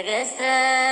guess Augusta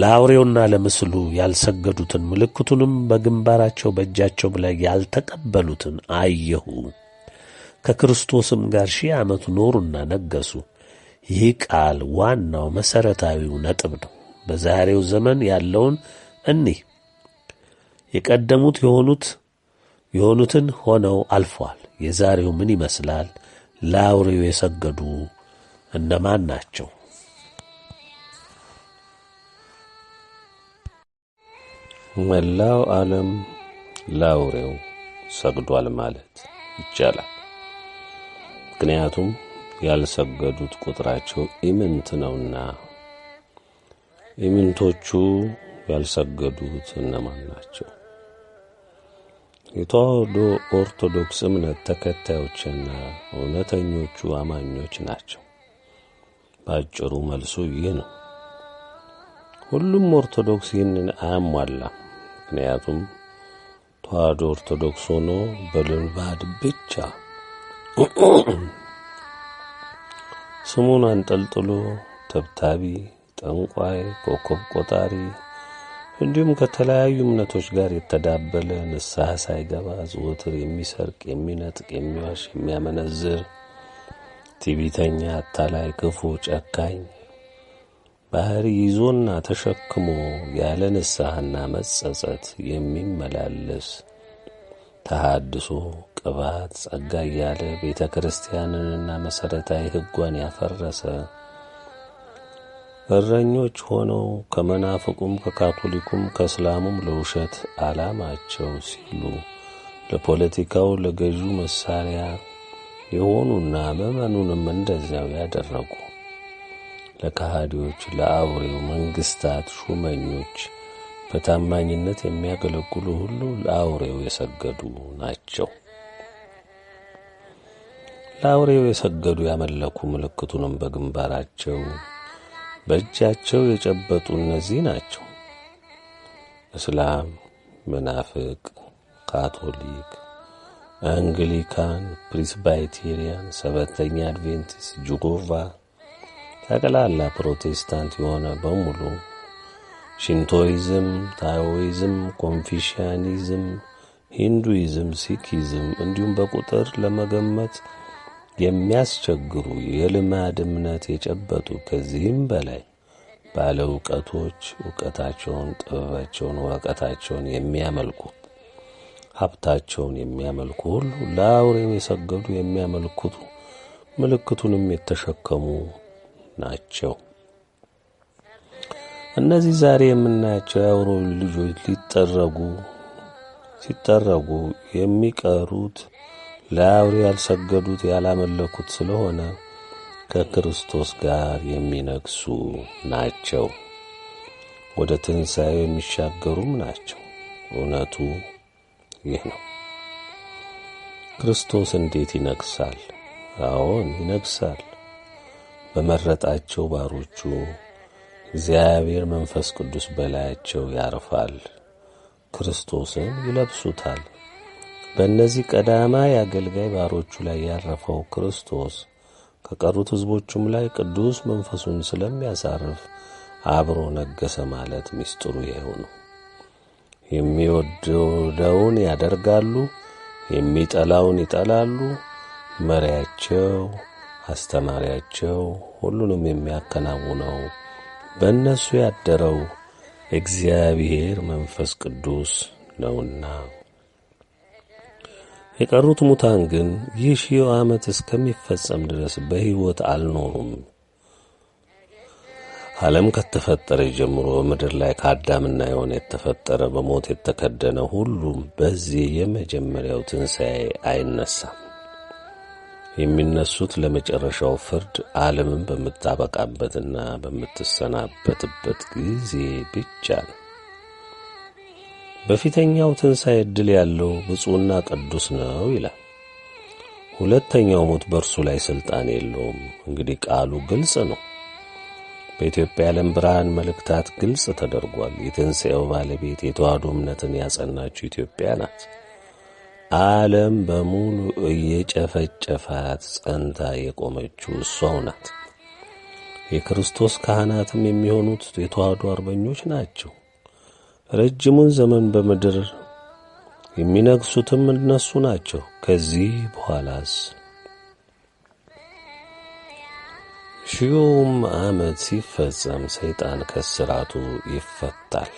ለአውሬውና ለምስሉ ያልሰገዱትን ምልክቱንም በግንባራቸው በእጃቸው ላይ ያልተቀበሉትን አየሁ። ከክርስቶስም ጋር ሺህ ዓመት ኖሩና ነገሱ። ይህ ቃል ዋናው መሠረታዊው ነጥብ ነው። በዛሬው ዘመን ያለውን እኒህ የቀደሙት የሆኑት የሆኑትን ሆነው አልፏል። የዛሬው ምን ይመስላል? ለአውሬው የሰገዱ እነማን ናቸው? መላው ዓለም ላውሬው ሰግዷል ማለት ይቻላል። ምክንያቱም ያልሰገዱት ቁጥራቸው ኢምንት ነውና። ኢምንቶቹ ያልሰገዱት እነማን ናቸው? የተዋህዶ ኦርቶዶክስ እምነት ተከታዮችና እውነተኞቹ አማኞች ናቸው። በአጭሩ መልሱ ይህ ነው። ሁሉም ኦርቶዶክስ ይህንን አያሟላ። ምክንያቱም ተዋህዶ ኦርቶዶክስ ሆኖ በልባድ ብቻ ስሙን አንጠልጥሎ ተብታቢ፣ ጠንቋይ፣ ኮከብ ቆጣሪ እንዲሁም ከተለያዩ እምነቶች ጋር የተዳበለ ንስሐ ሳይገባ ዘወትር የሚሰርቅ፣ የሚነጥቅ፣ የሚዋሽ፣ የሚያመነዝር፣ ትዕቢተኛ፣ አታላይ፣ ክፉ፣ ጨካኝ ባህር ይዞና ተሸክሞ ያለ ንስሐና መጸጸት የሚመላለስ ተሃድሶ ቅባት ጸጋ እያለ ቤተ ክርስቲያንንና መሠረታዊ ሕጓን ያፈረሰ እረኞች ሆነው ከመናፍቁም ከካቶሊኩም ከእስላሙም ለውሸት ዓላማቸው ሲሉ ለፖለቲካው ለገዢው መሳሪያ የሆኑና ምዕመኑንም እንደዚያው ያደረጉ ለካሃዲዎች፣ ለአውሬው መንግስታት ሹመኞች በታማኝነት የሚያገለግሉ ሁሉ ለአውሬው የሰገዱ ናቸው። ለአውሬው የሰገዱ ያመለኩ ምልክቱንም በግንባራቸው በእጃቸው የጨበጡ እነዚህ ናቸው። እስላም፣ መናፍቅ፣ ካቶሊክ፣ አንግሊካን፣ ፕሪስባይቴሪያን፣ ሰበተኛ አድቬንቲስት፣ ጅጎቫ ጠቅላላ ፕሮቴስታንት የሆነ በሙሉ ሽንቶይዝም፣ ታዎይዝም፣ ኮንፊሽያኒዝም፣ ሂንዱይዝም፣ ሲኪዝም እንዲሁም በቁጥር ለመገመት የሚያስቸግሩ የልማድ እምነት የጨበጡ ከዚህም በላይ ባለ እውቀቶች እውቀታቸውን፣ ጥበባቸውን፣ ወቀታቸውን የሚያመልኩ ሀብታቸውን የሚያመልኩ ሁሉ ለአውሬው የሰገዱ የሚያመልኩቱ ምልክቱንም የተሸከሙ ናቸው። እነዚህ ዛሬ የምናያቸው የአውሮ ልጆች ሊጠረጉ ሲጠረጉ የሚቀሩት ለአውሬ ያልሰገዱት ያላመለኩት ስለሆነ ከክርስቶስ ጋር የሚነግሱ ናቸው። ወደ ትንሣኤ የሚሻገሩም ናቸው። እውነቱ ይህ ነው። ክርስቶስ እንዴት ይነግሳል? አዎን ይነግሳል። በመረጣቸው ባሮቹ እግዚአብሔር መንፈስ ቅዱስ በላያቸው ያርፋል፣ ክርስቶስን ይለብሱታል። በእነዚህ ቀዳማይ አገልጋይ ባሮቹ ላይ ያረፈው ክርስቶስ ከቀሩት ሕዝቦቹም ላይ ቅዱስ መንፈሱን ስለሚያሳርፍ አብሮ ነገሰ ማለት ምስጢሩ ይኸው ነው። የሚወደውን ያደርጋሉ፣ የሚጠላውን ይጠላሉ። መሪያቸው አስተማሪያቸው ሁሉንም የሚያከናውነው በእነሱ ያደረው እግዚአብሔር መንፈስ ቅዱስ ነውና። የቀሩት ሙታን ግን ይህ ሺው ዓመት እስከሚፈጸም ድረስ በሕይወት አልኖሩም። ዓለም ከተፈጠረ ጀምሮ ምድር ላይ ከአዳምና የሆነ የተፈጠረ በሞት የተከደነ ሁሉም በዚህ የመጀመሪያው ትንሣኤ አይነሳም። የሚነሱት ለመጨረሻው ፍርድ ዓለምን በምታበቃበትና በምትሰናበትበት ጊዜ ብቻ ነው። በፊተኛው ትንሣኤ ዕድል ያለው ብፁዕና ቅዱስ ነው ይላል። ሁለተኛው ሞት በእርሱ ላይ ሥልጣን የለውም። እንግዲህ ቃሉ ግልጽ ነው። በኢትዮጵያ የዓለም ብርሃን መልእክታት ግልጽ ተደርጓል። የትንሣኤው ባለቤት የተዋሕዶ እምነትን ያጸናችው ኢትዮጵያ ናት። ዓለም በሙሉ እየጨፈጨፋት ጸንታ የቆመችው እሷው ናት። የክርስቶስ ካህናትም የሚሆኑት የተዋህዶ አርበኞች ናቸው። ረጅሙን ዘመን በምድር የሚነግሱትም እነሱ ናቸው። ከዚህ በኋላስ ሺውም ዓመት ሲፈጸም ሰይጣን ከስራቱ ይፈታል።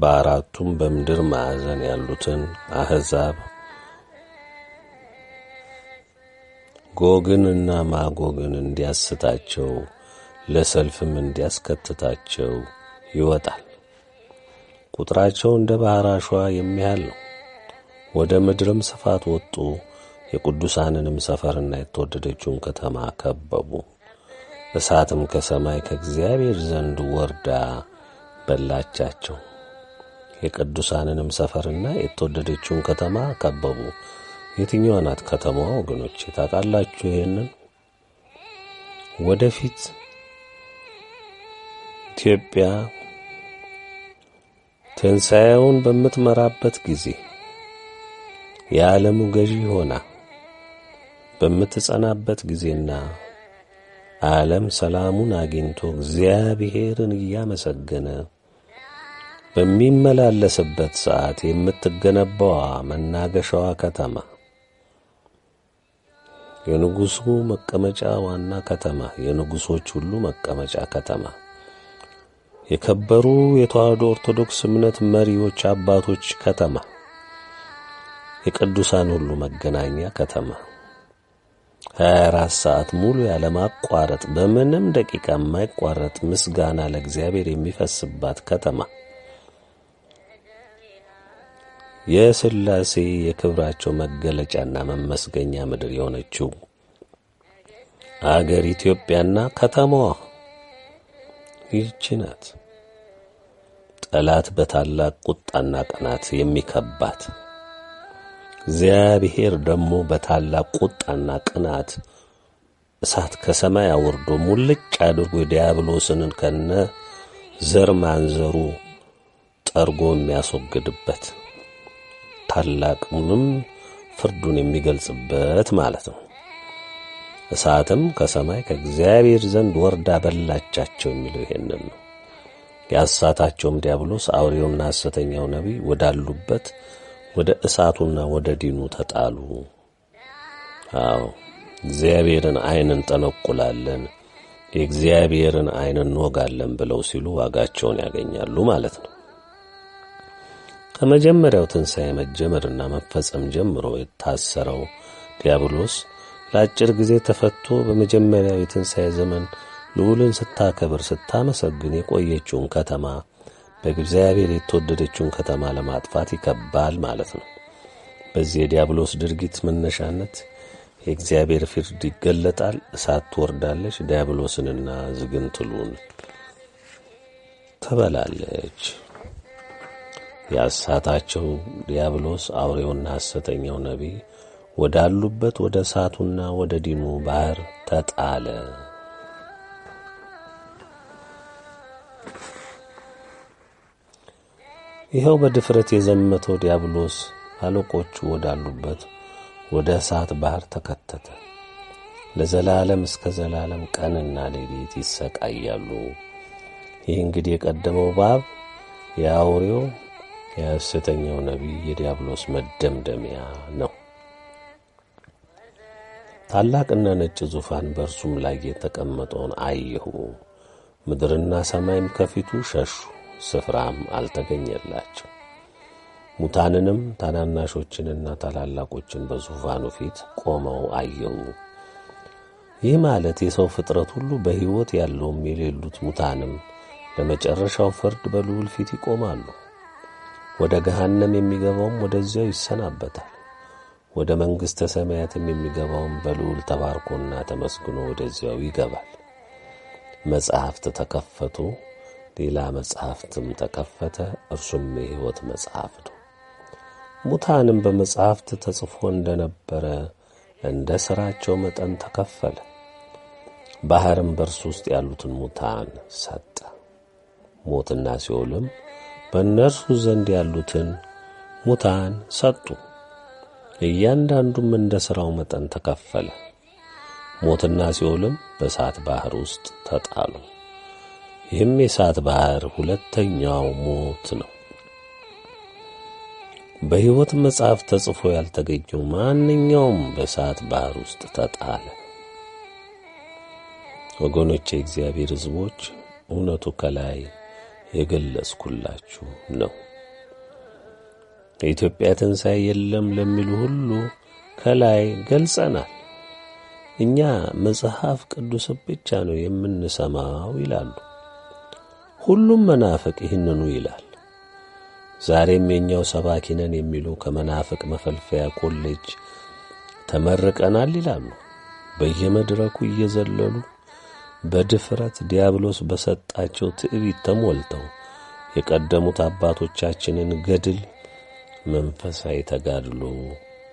በአራቱም በምድር ማዕዘን ያሉትን አሕዛብ ጎግን እና ማጎግን እንዲያስታቸው ለሰልፍም እንዲያስከትታቸው ይወጣል። ቁጥራቸው እንደ ባሕር አሸዋ የሚያህል ነው። ወደ ምድርም ስፋት ወጡ። የቅዱሳንንም ሰፈርና የተወደደችውን ከተማ ከበቡ። እሳትም ከሰማይ ከእግዚአብሔር ዘንድ ወርዳ በላቻቸው። የቅዱሳንንም ሰፈርና የተወደደችውን ከተማ ከበቡ። የትኛዋ ናት ከተማዋ? ወገኖቼ ታውቃላችሁ? ይህንን ወደፊት ኢትዮጵያ ትንሣኤውን በምትመራበት ጊዜ የዓለሙ ገዢ ሆና በምትጸናበት ጊዜና ዓለም ሰላሙን አግኝቶ እግዚአብሔርን እያመሰገነ በሚመላለስበት ሰዓት የምትገነባዋ መናገሻዋ ከተማ የንጉሱ መቀመጫ ዋና ከተማ፣ የንጉሶች ሁሉ መቀመጫ ከተማ፣ የከበሩ የተዋህዶ ኦርቶዶክስ እምነት መሪዎች አባቶች ከተማ፣ የቅዱሳን ሁሉ መገናኛ ከተማ 24 ሰዓት ሙሉ ያለማቋረጥ በምንም ደቂቃ የማይቋረጥ ምስጋና ለእግዚአብሔር የሚፈስባት ከተማ የስላሴ የክብራቸው መገለጫና መመስገኛ ምድር የሆነችው አገር ኢትዮጵያና ከተማዋ ይችናት ናት። ጠላት በታላቅ ቁጣና ቅናት የሚከባት እግዚአብሔር ደግሞ በታላቅ ቁጣና ቅናት እሳት ከሰማይ አውርዶ ሙልጭ አድርጎ ዲያብሎስን ከነ ዘር ማንዘሩ ጠርጎ የሚያስወግድበት ታላቁንም ፍርዱን የሚገልጽበት ማለት ነው። እሳትም ከሰማይ ከእግዚአብሔር ዘንድ ወርዳ በላቻቸው የሚለው ይሄንን ነው። ያሳታቸውም ዲያብሎስ አውሬውና ሐሰተኛው ነቢይ ወዳሉበት ወደ እሳቱና ወደ ዲኑ ተጣሉ። አዎ እግዚአብሔርን ዓይን እንጠነቁላለን፣ የእግዚአብሔርን ዓይን እንወጋለን ብለው ሲሉ ዋጋቸውን ያገኛሉ ማለት ነው። ከመጀመሪያው ትንሣኤ መጀመርና መፈጸም ጀምሮ የታሰረው ዲያብሎስ ለአጭር ጊዜ ተፈቶ በመጀመሪያው የትንሣኤ ዘመን ልዑልን ስታከብር ስታመሰግን የቆየችውን ከተማ በእግዚአብሔር የተወደደችውን ከተማ ለማጥፋት ይከባል ማለት ነው። በዚህ የዲያብሎስ ድርጊት መነሻነት የእግዚአብሔር ፍርድ ይገለጣል። እሳት ትወርዳለች፣ ዲያብሎስንና ዝግንትሉን ትበላለች። ያሳታቸው ዲያብሎስ አውሬውና ሐሰተኛው ነቢይ ወዳሉበት ወደ እሳቱና ወደ ዲኑ ባሕር ተጣለ። ይኸው በድፍረት የዘመተው ዲያብሎስ አለቆቹ ወዳሉበት ወደ እሳት ባሕር ተከተተ። ለዘላለም እስከ ዘላለም ቀንና ሌሊት ይሰቃያሉ። ይህ እንግዲህ የቀደመው ባብ የአውሬው የሐሰተኛው ነቢይ የዲያብሎስ መደምደሚያ ነው። ታላቅና ነጭ ዙፋን በእርሱም ላይ የተቀመጠውን አየሁ። ምድርና ሰማይም ከፊቱ ሸሹ፣ ስፍራም አልተገኘላቸው። ሙታንንም ታናናሾችንና ታላላቆችን በዙፋኑ ፊት ቆመው አየሁ። ይህ ማለት የሰው ፍጥረት ሁሉ በሕይወት ያለውም የሌሉት ሙታንም ለመጨረሻው ፍርድ በልዑል ፊት ይቆማሉ። ወደ ገሃነም የሚገባውም ወደዚያው ይሰናበታል። ወደ መንግሥተ ሰማያትም የሚገባውም በልዑል ተባርኮና ተመስግኖ ወደዚያው ይገባል። መጽሐፍት ተከፈቱ፣ ሌላ መጽሐፍትም ተከፈተ፣ እርሱም የሕይወት መጽሐፍ ነው። ሙታንም በመጽሐፍት ተጽፎ እንደ ነበረ እንደ ሥራቸው መጠን ተከፈለ። ባሕርም በእርሱ ውስጥ ያሉትን ሙታን ሰጠ። ሞትና ሲኦልም በእነርሱ ዘንድ ያሉትን ሙታን ሰጡ። እያንዳንዱም እንደ ሥራው መጠን ተከፈለ። ሞትና ሲኦልም በእሳት ባሕር ውስጥ ተጣሉ። ይህም የእሳት ባሕር ሁለተኛው ሞት ነው። በሕይወት መጽሐፍ ተጽፎ ያልተገኘው ማንኛውም በእሳት ባሕር ውስጥ ተጣለ። ወገኖች፣ የእግዚአብሔር ሕዝቦች እውነቱ ከላይ የገለጽኩላችሁ ነው። የኢትዮጵያ ትንሣኤ የለም ለሚሉ ሁሉ ከላይ ገልጸናል። እኛ መጽሐፍ ቅዱስ ብቻ ነው የምንሰማው ይላሉ። ሁሉም መናፍቅ ይህንኑ ይላል። ዛሬም የእኛው ሰባኪ ነን የሚሉ ከመናፍቅ መፈልፈያ ኮሌጅ ተመርቀናል ይላሉ። በየመድረኩ እየዘለሉ በድፍረት ዲያብሎስ በሰጣቸው ትዕቢት ተሞልተው የቀደሙት አባቶቻችንን ገድል መንፈሳዊ ተጋድሎ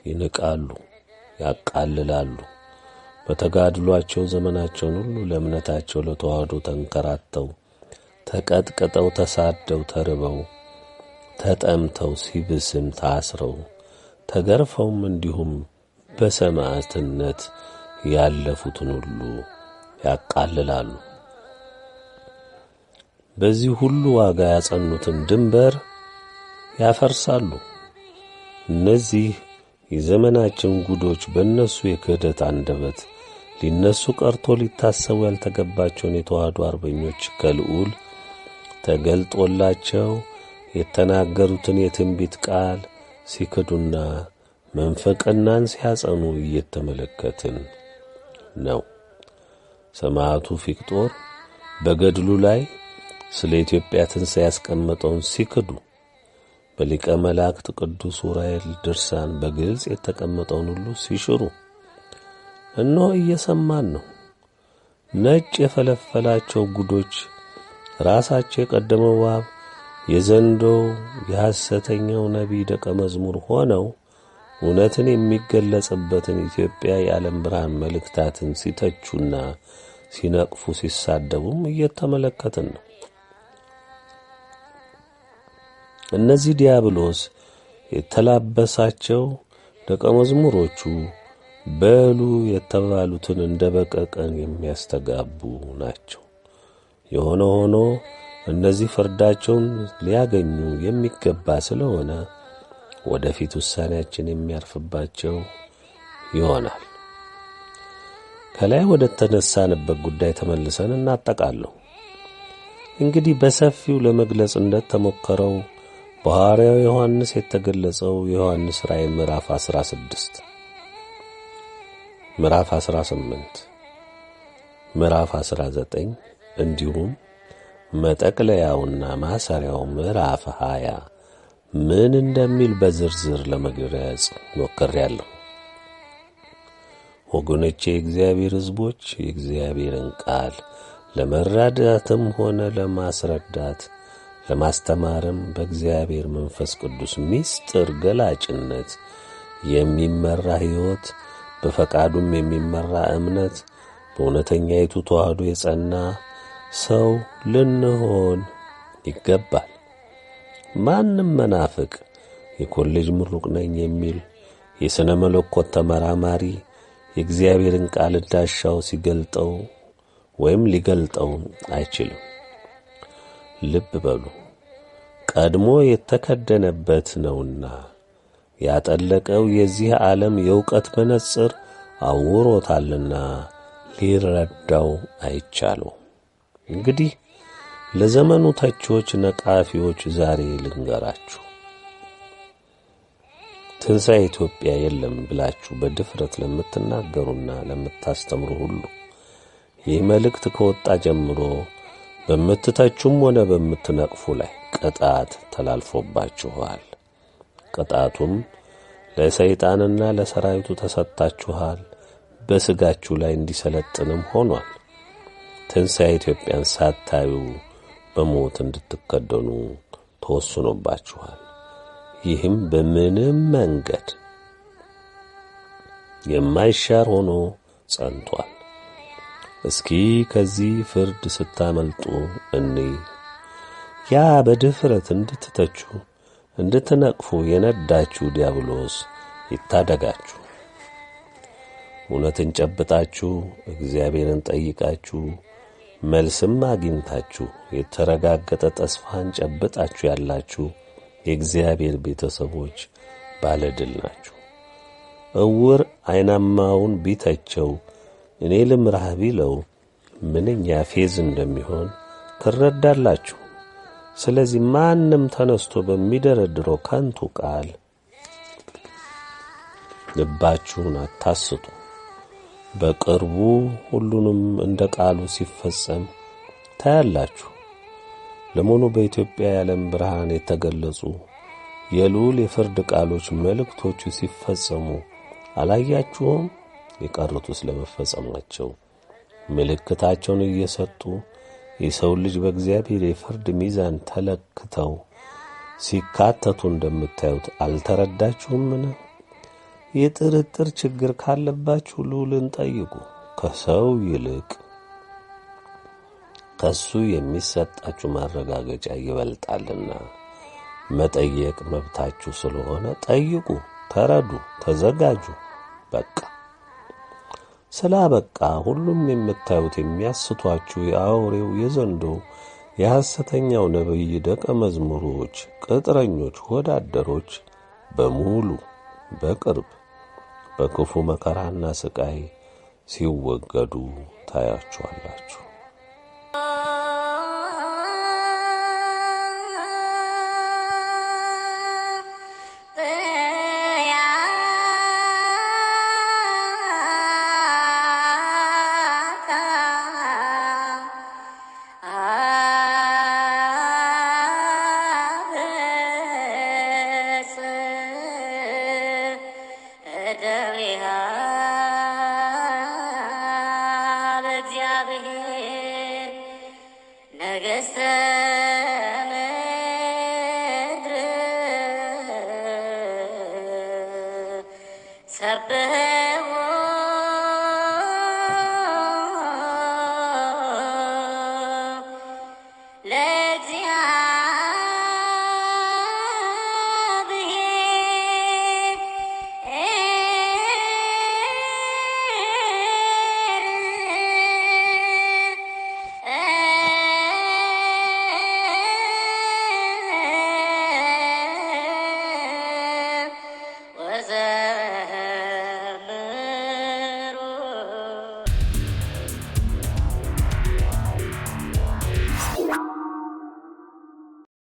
ይንቃሉ፣ ያቃልላሉ። በተጋድሏቸው ዘመናቸውን ሁሉ ለእምነታቸው ለተዋህዶ ተንከራተው ተቀጥቅጠው፣ ተሳደው፣ ተርበው፣ ተጠምተው፣ ሲብስም ታስረው፣ ተገርፈውም እንዲሁም በሰማዕትነት ያለፉትን ሁሉ ያቃልላሉ። በዚህ ሁሉ ዋጋ ያጸኑትን ድንበር ያፈርሳሉ። እነዚህ የዘመናችን ጉዶች በእነሱ የክህደት አንደበት ሊነሱ ቀርቶ ሊታሰቡ ያልተገባቸውን የተዋህዶ አርበኞች ከልዑል ተገልጦላቸው የተናገሩትን የትንቢት ቃል ሲክዱና መንፈቅናን ሲያጸኑ እየተመለከትን ነው። ሰማዕቱ ፊቅጦር በገድሉ ላይ ስለ ኢትዮጵያ ትንሣኤ ያስቀመጠውን ሲክዱ በሊቀ መላእክት ቅዱስ ዑራኤል ድርሳን በግልጽ የተቀመጠውን ሁሉ ሲሽሩ እነሆ እየሰማን ነው። ነጭ የፈለፈላቸው ጉዶች ራሳቸው የቀደመው እባብ የዘንዶው የሐሰተኛው ነቢይ ደቀ መዝሙር ሆነው እውነትን የሚገለጽበትን ኢትዮጵያ የዓለም ብርሃን መልእክታትን ሲተቹና ሲነቅፉ ሲሳደቡም እየተመለከትን ነው። እነዚህ ዲያብሎስ የተላበሳቸው ደቀ መዝሙሮቹ በሉ የተባሉትን እንደ በቀቀን የሚያስተጋቡ ናቸው። የሆነ ሆኖ እነዚህ ፍርዳቸውን ሊያገኙ የሚገባ ስለሆነ ወደፊት ውሳኔያችን የሚያርፍባቸው ይሆናል። ከላይ ወደ ተነሳንበት ጉዳይ ተመልሰን እናጠቃለሁ። እንግዲህ በሰፊው ለመግለጽ እንደተሞከረው በሐዋርያው ዮሐንስ የተገለጸው የዮሐንስ ራእይ ምዕራፍ 16 ምዕራፍ 18 ምዕራፍ 19 እንዲሁም መጠቅለያውና ማሰሪያው ምዕራፍ 20 ምን እንደሚል በዝርዝር ለመግለጽ ሞክሬያለሁ። ወገኖቼ፣ የእግዚአብሔር ሕዝቦች የእግዚአብሔርን ቃል ለመረዳትም ሆነ ለማስረዳት ለማስተማርም በእግዚአብሔር መንፈስ ቅዱስ ምስጢር ገላጭነት የሚመራ ሕይወት በፈቃዱም የሚመራ እምነት በእውነተኛይቱ ተዋህዶ የጸና ሰው ልንሆን ይገባል። ማንም መናፍቅ የኮሌጅ ምሩቅ ነኝ የሚል የሥነ መለኮት ተመራማሪ የእግዚአብሔርን ቃል እንዳሻው ሲገልጠው ወይም ሊገልጠው አይችልም። ልብ በሉ፣ ቀድሞ የተከደነበት ነውና ያጠለቀው የዚህ ዓለም የእውቀት መነጽር አውሮታልና ሊረዳው አይቻለው። እንግዲህ ለዘመኑ ተቺዎች፣ ነቃፊዎች ዛሬ ልንገራችሁ። ትንሣኤ ኢትዮጵያ የለም ብላችሁ በድፍረት ለምትናገሩና ለምታስተምሩ ሁሉ ይህ መልእክት ከወጣ ጀምሮ በምትተቹም ሆነ በምትነቅፉ ላይ ቅጣት ተላልፎባችኋል። ቅጣቱም ለሰይጣንና ለሰራዊቱ ተሰጥታችኋል፣ በሥጋችሁ ላይ እንዲሰለጥንም ሆኗል። ትንሣኤ ኢትዮጵያን ሳታዩ በሞት እንድትከደኑ ተወስኖባችኋል። ይህም በምንም መንገድ የማይሻር ሆኖ ጸንቷል። እስኪ ከዚህ ፍርድ ስታመልጡ እኔ ያ በድፍረት እንድትተቹ እንድትነቅፉ የነዳችሁ ዲያብሎስ ይታደጋችሁ። እውነትን ጨብጣችሁ እግዚአብሔርን ጠይቃችሁ መልስም አግኝታችሁ የተረጋገጠ ተስፋን ጨብጣችሁ ያላችሁ የእግዚአብሔር ቤተሰቦች ባለድል ናችሁ። እውር አይናማውን ቢተቸው እኔ ልምራህ ቢለው ምንኛ ፌዝ እንደሚሆን ትረዳላችሁ። ስለዚህ ማንም ተነስቶ በሚደረድረው ከንቱ ቃል ልባችሁን አታስቱ። በቅርቡ ሁሉንም እንደ ቃሉ ሲፈጸም ታያላችሁ። ለመሆኑ በኢትዮጵያ የዓለም ብርሃን የተገለጹ የልዑል የፍርድ ቃሎች መልእክቶቹ ሲፈጸሙ አላያችሁም? የቀሩትስ ለመፈጸማቸው ምልክታቸውን እየሰጡ የሰው ልጅ በእግዚአብሔር የፍርድ ሚዛን ተለክተው ሲካተቱ እንደምታዩት አልተረዳችሁምን? የጥርጥር ችግር ካለባችሁ ልዑልን ጠይቁ። ከሰው ይልቅ ከሱ የሚሰጣችሁ ማረጋገጫ ይበልጣልና መጠየቅ መብታችሁ ስለሆነ ጠይቁ፣ ተረዱ፣ ተዘጋጁ። በቃ ስላ በቃ ሁሉም የምታዩት የሚያስቷችሁ የአውሬው የዘንዶ የሐሰተኛው ነቢይ ደቀ መዝሙሮች፣ ቅጥረኞች፣ ወዳደሮች በሙሉ በቅርብ በክፉ መከራና ስቃይ ሲወገዱ ታያችኋላችሁ።